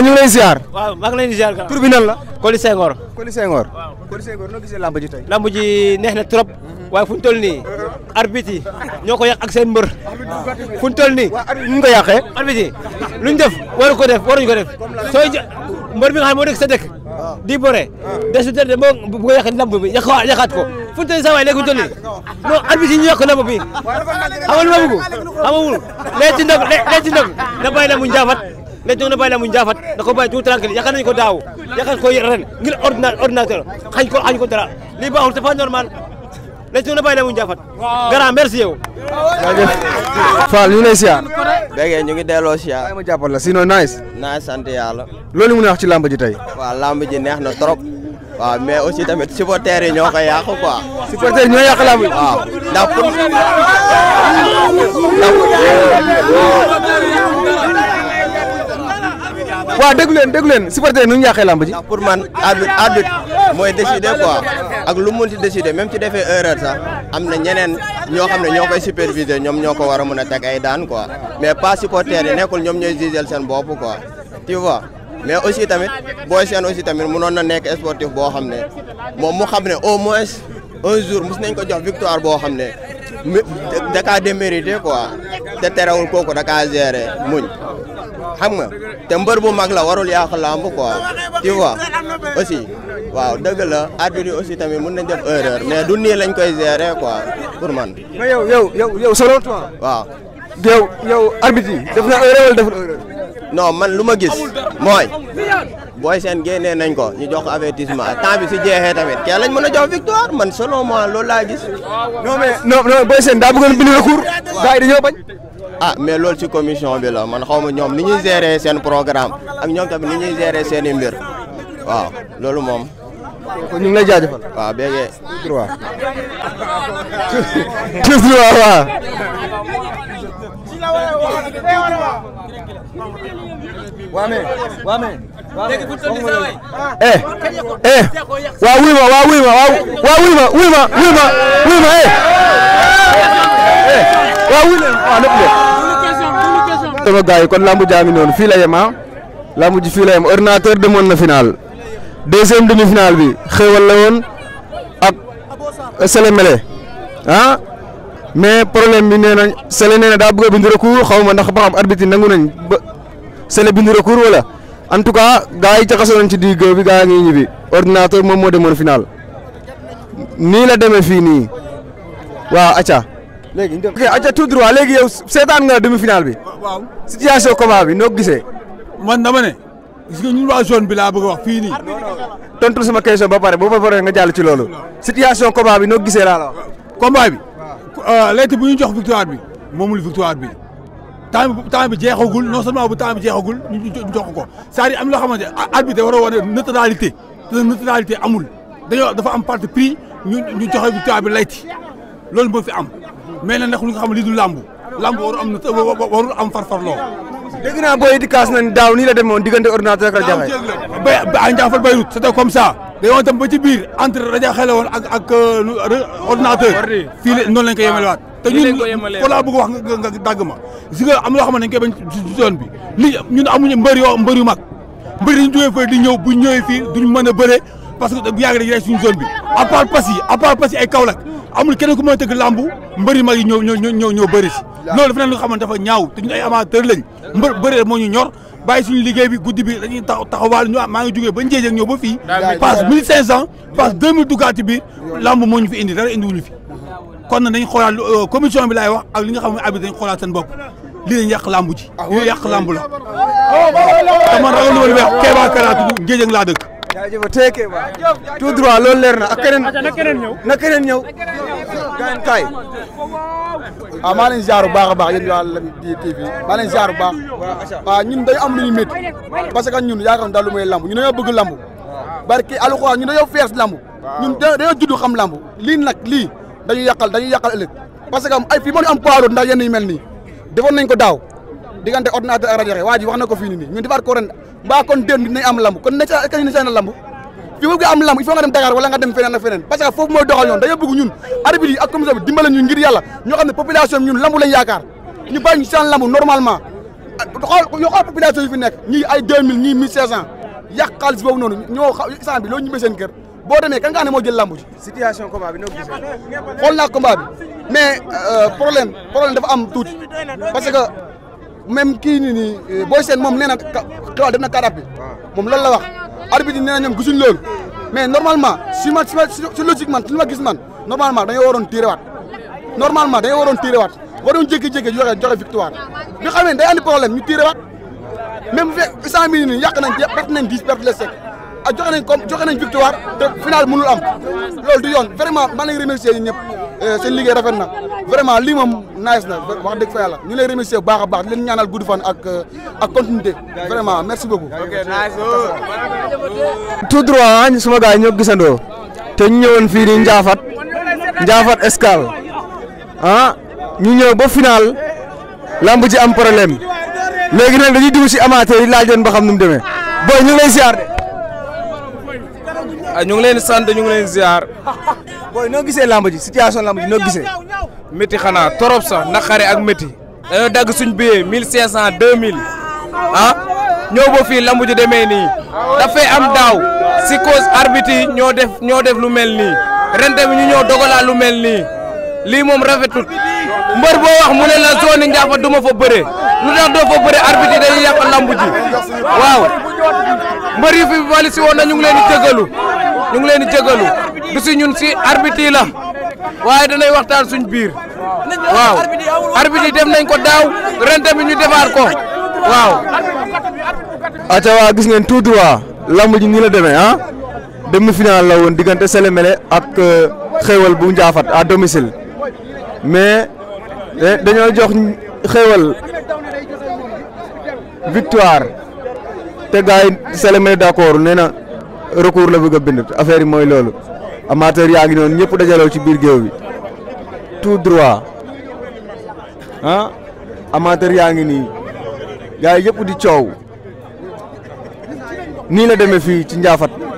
waaw ñu ngi lay ziar. waaw maa ngi leen di ziar gannaaw. tur bi nan la. Coly Senghor. Coly Senghor. waaw Coly Senghor noo gisee lamb ji tey. lamb ji neex na trop. waaye fu ñu toll nii. arbitre yi ñoo ko yàq ak seen mbër. fu ñu toll nii. waaw arbitre ñu ko yàqee. arbitre yi lu ñu def waru ko def waruñu ko def bi nga xam moo nekk sa ah. di bore desu tëdd moo bu ko yàqee lamb bi yàq yàqaat ko fu ñu toll nii saa waay léegi ñu toll nii non arbitre ma bëgg xamawul léegi ci ndog léegi ci na bàyyi la mu njaabat mais doon na bàyyi laamu njaafat da ko bàyyi tout tranquille yàqal nañu ko daaw yàqal ko ren ngir ordinateur xañ ko xañ ko dara lii baaxul c'est pas normal mais doon na bàyyi laamu njaafat grand merci yow jaajëf Fall ñu lay siyaar ñu ngi delloo siyaar ay ma jàppal la sinon nice nice sant yàlla loolu mu ne wax ci lamb ji tey waaw lamb ji neex na trop waaw mais aussi tamit supporters yi ñoo ko yàq waaw déglu leen déglu leen supporter nu ñu yàqee lamb ji. pour man arbitre arbitre mooy décider quoi ak lu mu munti décider même ci defee erreur sax am na ñeneen ñoo xam ne ñoo koy superviser ñoom ñoo ko war a mun a teg ay daan quoi mais pas supporter yi nekkul ñoom ñooy jugel seen bopp quoi tu vois. mais aussi tamit boo seen aussi tamit munoon na nekk sportif boo xam ne moom mu xam ne au moins un jour mus nañ ko jox victoire boo xam ne dakaa démérité quoi te terewul kooku dakaa gérer muñ. xam nga te mbër bu mag la warul yàq làmb quoi tu vois aussi waaw dëgg la arbitre yi aussi tamit mën nañ def erreur mais du nii lañ koy gérer quoi pour man. mais yow yow yow yow selon toi. waaw yow yow arbitre yi def na erreur wala deful man lu ma gis mooy booy seen génnee nañ ko ñu jox avertissement temps bi si jeexee tamit kee lañ mën a jox victoire man selon moi loolu laa gis. non mais non non booy daa bëggoon bind recours. waaw gars yi dañoo bañ. a ah, mais loolu ci commission bi man xaw ma ñoom ni ñuy gérer seen programme ak ñoom tamit ni ñuy gérer seen i waaw loolu moom. kon ñu ngi lay jaajëfal. waaw bég. waaw. waa mais waa mais. eh eh waa wuy ma waa wuy ma waa waa wuy ma wuy ma wuy ma wuy ma eh. eh waa wuy waa lépp leen. sama gaay kon lambu jaami non fi la yam ah. lambu ji fi la yam ordinateur na final deuxième demi final bi xewal la won ak selemele han ah. mais problème bi neena sele neena da bëgg bind recours xawma ndax ba xam arbitre nangu nañ sele bind recours wala en tout cas gaay jaxaso nañ ci digg bi gaay ngi ñibi ordinateur mom mo demone final ni la démé fi ni wa acha léegi ñu dem ok aca tout droit léegi yow seetaan nga demi final bi. waaw situation combat bi noo ko gisee. man dama ne. gis nga ñun waa zone bi laa bëgg a wax fii nii. tontu sama question ba pare boo fa paree nga jàll ci loolu. situation combat bi noo ko gisee laa la wax. combat bi. Euh, léegi bu ñu jox victoire bi moomul victoire bi. temps bi temps bi jeexagul non seulement bu temps bi jeexagul ñu jox ko c'est-à-dire am loo xamante ne arbitre war a wane neutralité te neutralité amul dañoo dafa am parti pris ñu ñu joxe victoire bi layti loolu moo fi am. mais na ndax xam li du làmb làmb waru am warul am farfarloo dégg naa booy di kaas nañ daaw nii la demoon diggante ordinateur ak rajaxe ba njaafal bayrut c'était comme ça dañoo dem ba biir entre rajaxe la ak euh, ordinateur fii la noonu ah. te ñun ko laa wax nga dàgg ma si nga am loo xam ne dañ koy bañ bi li ñun amuñu mbër yoo mag mbër yi ñu jógee ñëw bu ñëwee fii duñ mën a bëre parce que yàgg dañuy rey suñu zone bi à part Passy à part Passy ay amul kenn ku mën a tëgg làmb mbëri mag yi ñoo ñoo ñoo ñoo bëri si loolu dafa ne lu nga xamante ñaaw te ñun ay amateur lañ mbër bëri moo ñu ñor bàyyi suñu liggéey bi guddi bi dañuy taxaw taxawaal ñu maa ngi jógee ba njeej ak ba fii passe mille cinq cent passe deux mille duggaat ci biir làmb moo ñu fi indi dara fi kon na dañ xoolaat euh, commission bi laay ak li nga xam ne abi dañ xoolaat seen bopp lii dañ yàq làmb ji ah, lii yàq làmb la dama ragal lu wax Kéba Kara tudd laa dëkk jaajëf tey kay ba tout leer na ak keneen na keneen ñëw na keneen ñëw gaan kaay waaw ah, maa leen ziar bu baax a baax yéen waa Lamyn TV maa leen ziar bu baax waaw ah, ñun dañu am lu ñu métti parce que ñun yaakaar daal lu may lamb ñu dañoo bëgg lamb barki alxuraan ñun dañoo fees lamb ñun dañoo juddu xam lamb lii nag lii dañu yàqal dañu yàqal ëllëg parce que ay fii mënu am poids lourd ndax yenn yu mel nii defoon nañ ko daaw diggante ordinateur ak rajo xe ko fii ni ñun defaat ko ren mbaa kon déen dinañ am lamb kon nañ kañ nañ seen lamb fii am lamb il faut nga dem Dakar wala nga dem feneen ak feneen parce que foofu mooy doxal ñoom dañoo bëgg ñun arbitre yi ak dimbale ñun ngir yàlla ñoo xam ne population fi nekk ñii ay 2000 ñii 1500 yàq xaalis boobu noonu ñoo instant bi loolu ñibbee seen kër boo moo jël lamb ji situation combat bi noo gisee même kii ni nii eh, booy moom nee na xibaar def na car rapide moom loolu la wax. arbitre yi nee na ñoom gisuñ loolu mais normalement si man si logique man si ma gis man normalement dañoo waroon tiire waat normalement dañoo waroon tiire waat waroon jékki-jékki joxe joxe victoire bi xam ne day andi problème ñu tiire waat même bu fekk cent mille nii yàq nañ perte nañ dix perte les sept ah joxe nañ comme joxe nañ victoire te final mënul am loolu du yoon vraiment maa ngi remercier yi ñëpp eh, seen liggéey rafet na. vraiment lii moom nice na wax dëgg fa yàlla ñu lay remercier bu baax a baax di leen ñaanal gudd fan ak euh, ak continuité vraiment merci beaucoup. tout droit ah, suma gars yi ñoo gisandoo te ñu ñëwoon fii nii Ndiafate Ndiafate Escale ah ñu ñëw ba final lamb ji am problème léegi nag dañuy dugg si amateur yi laaj leen ba xam nu mu demee booy ñu ngi lay ziar de. Ah, ñu ngi leen di sant ñu ngi leen di ziar. booy noo gisee lamb ji situation lamb ji noo gisee. métti xanaa torop sax naqare ak métti dañoo dagg suñ billet 1500 2000 ah ñëw ba fii lambu ji demee nii dafay am daaw si cause arbitre yi ñoo def ñoo def lu mel nii ren tamit ñu ñëw dogalaa lu mel nii lii moom rafetut mbër boo wax mu ne la zone Ndiaffate du ma fa bëree lu tax doo fa bëree arbitre yi dañuy yàq lambu ji waaw mbër yu fi wàllu si woon na ñu ngi leen di ñu ngi leen di jégalu du si ñun si arbitre yi la. da lay waxtaan suñ biir waaw arbitre dem nañ ko daw rentam ñu débar ko waaw Acha wa gis ngeen tout droit lamb ji ni la démé ah demi final la woon diggante Sélémélé ak euh, xéewal bu njaafat à domicile mais eh, dañu jox xéewal victoire té gaay yi Sélémélé d'accord néna recours la bëgg bind affaire moy lolu amateur yaa ngi noonu ñëpp dajaloo ci biir géew bi tout droit ah amateur yaa ngi nii gars yëpp di coow nii la deme fii ci Ndiaffate